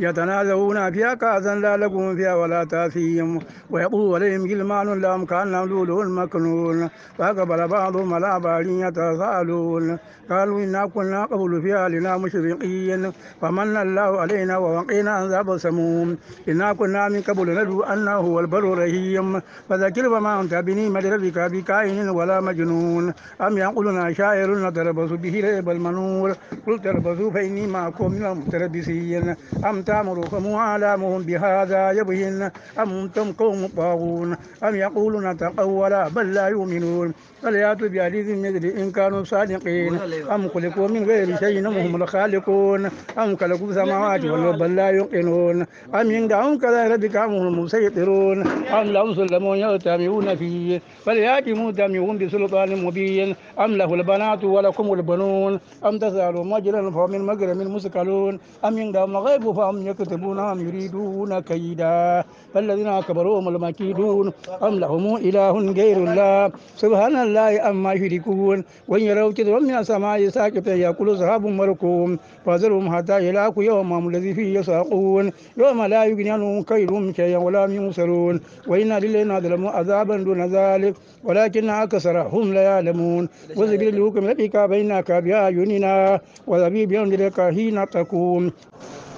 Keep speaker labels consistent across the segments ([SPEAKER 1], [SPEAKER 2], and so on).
[SPEAKER 1] يتنازعون فيها كأسا لا لكم فيها ولا تاثيم ويقول عليهم جلمان لا كأنهم لؤلؤ المكنون فأقبل بعضهم على بعض يتساءلون قالوا إنا كنا قبل فيها لنا مشرقين فمن الله علينا ووقينا عذاب السموم إنا كنا من قبل ندعو أنه هو البر الرحيم فذكر فما أنت بنعمة ربك بكائن ولا مجنون أم يقولون شاعر نتربص به ريب المنور قل تربصوا فإني معكم من المتربصين أم تأمركم أعلامهم بهذا يبين أم أنتم قوم طاغون أم يقولون تقولا بل لا يؤمنون فليأتوا بحديث مثل إن كانوا صادقين أم خلقوا من غير شيء هم الخالقون أم خلقوا السماوات والأرض بل لا يوقنون أم يندعون كذا ربك أم هم المسيطرون أم لهم سلم يؤتمرون فيه فليأتي مؤتمرون بسلطان مبين أم له البنات ولكم البنون أم تسألوا مجرا فهم من مجرم مثقلون أم يندعون غيب فهم يكتبون أم يريدون كيدا فالذين كبروا هم المكيدون أم لهم إله غير الله سبحان الله أما يشركون وإن يروا كذبا من السماء ساكتا يقول سحاب مركوم فذرهم حتى يلاقوا يومهم الذي فيه يساقون يوم لا يغني عنهم كيدهم شيئا ولا ينصرون وإن للذين ظلموا عذابا دون ذلك ولكن أكثرهم لا يعلمون وذكر الحكم ربك بينك بأعيننا وذبيب يوم لك حين تقوم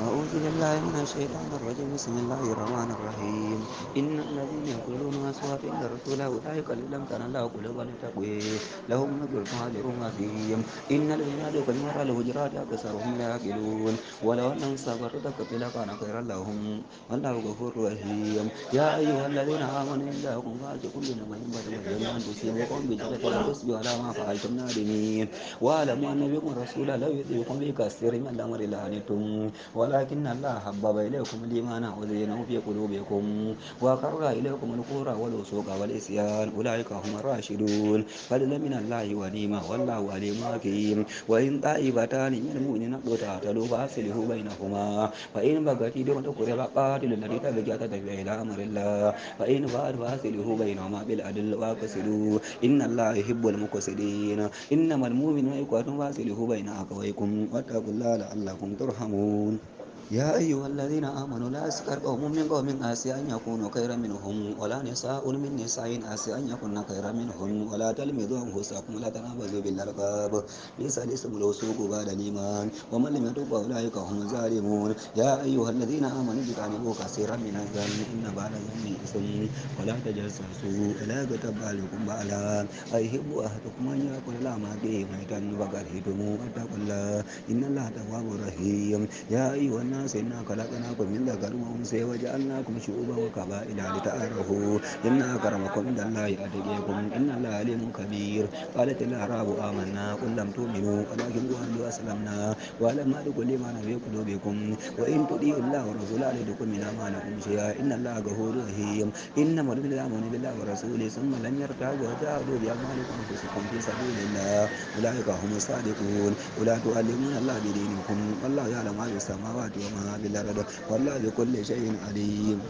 [SPEAKER 2] أعوذ بالله من الشيطان الرجيم بسم الله الرحمن الرحيم إن الذين يقولون أصحاب الرسول أولئك لم تنل الله قلوبا تقوي لهم مجر هاجر عظيم إن الذين يدخلون على الهجرات أكثرهم لا يعقلون ولو أنهم صبروا تقتل كان خيرا لهم والله غفور رحيم يا أيها الذين آمنوا إن جاءكم فاسق بنبأ فتبينوا أن تصيبكم بجهل فتصبحوا على ما فعلتم نادمين واعلموا أن بكم رسولا لو يطيعكم في كثير من الأمر لعنتم ولكن الله حبب إليكم الإيمان وزينه في قلوبكم وقرر إليكم الكورة والوسوق والإسيان أولئك هم الراشدون فضلا من الله ونيمة والله عليم حكيم وإن طائفتان من المؤمنين اقتتلوا فأصلحوا بينهما فإن بغت إحداهما على القاتل الذي تبغي تتبع إلى أمر الله فإن فات فأصلحوا بينهما بالعدل واقصدوا إن الله يحب المقصدين إنما المؤمنون إخوة فأصلحوا بين أخويكم واتقوا الله لعلكم ترحمون يا أيها الذين آمنوا لا أسكر قوم من قوم عسى أن يكونوا خيرا منهم ولا نساء من نساء عسى أن يكون خيرا منهم ولا تلمذوا أنفسكم ولا تنابزوا بالألقاب ليس الاسم الوسوق بعد الإيمان ومن لم يتوب أولئك هم الظالمون يا أيها الذين آمنوا اجتنبوا كثيرا من الظن إن بعد الظن إثم ولا تجسسوا ولا يغتب بعضكم بعلا أيحب أهلكم أن يأكل لا ما فيه ميتا فكرهتموه واتقوا الله إن الله تواب رحيم يا أيها الناس الناس إنا خلقناكم من ذكر وأنثى وجعلناكم شعوبا وقبائل لتعارفوا إن أكرمكم عند الله أتقيكم إن الله عليم كبير قالت الأعراب آمنا قل لم تؤمنوا ولكن قولوا أسلمنا ولما تقل ما في قلوبكم وإن تطيعوا الله ورسوله لتكن من أمانكم شيئا إن الله غفور رحيم إنما الذين آمنوا بالله ورسوله ثم لم يرتابوا وجاهدوا بأموالكم أنفسكم في سبيل الله أولئك هم الصادقون ولا تعلمون الله بدينكم والله يعلم ما في السماوات يومها بالأبد والله بكل شيء عليم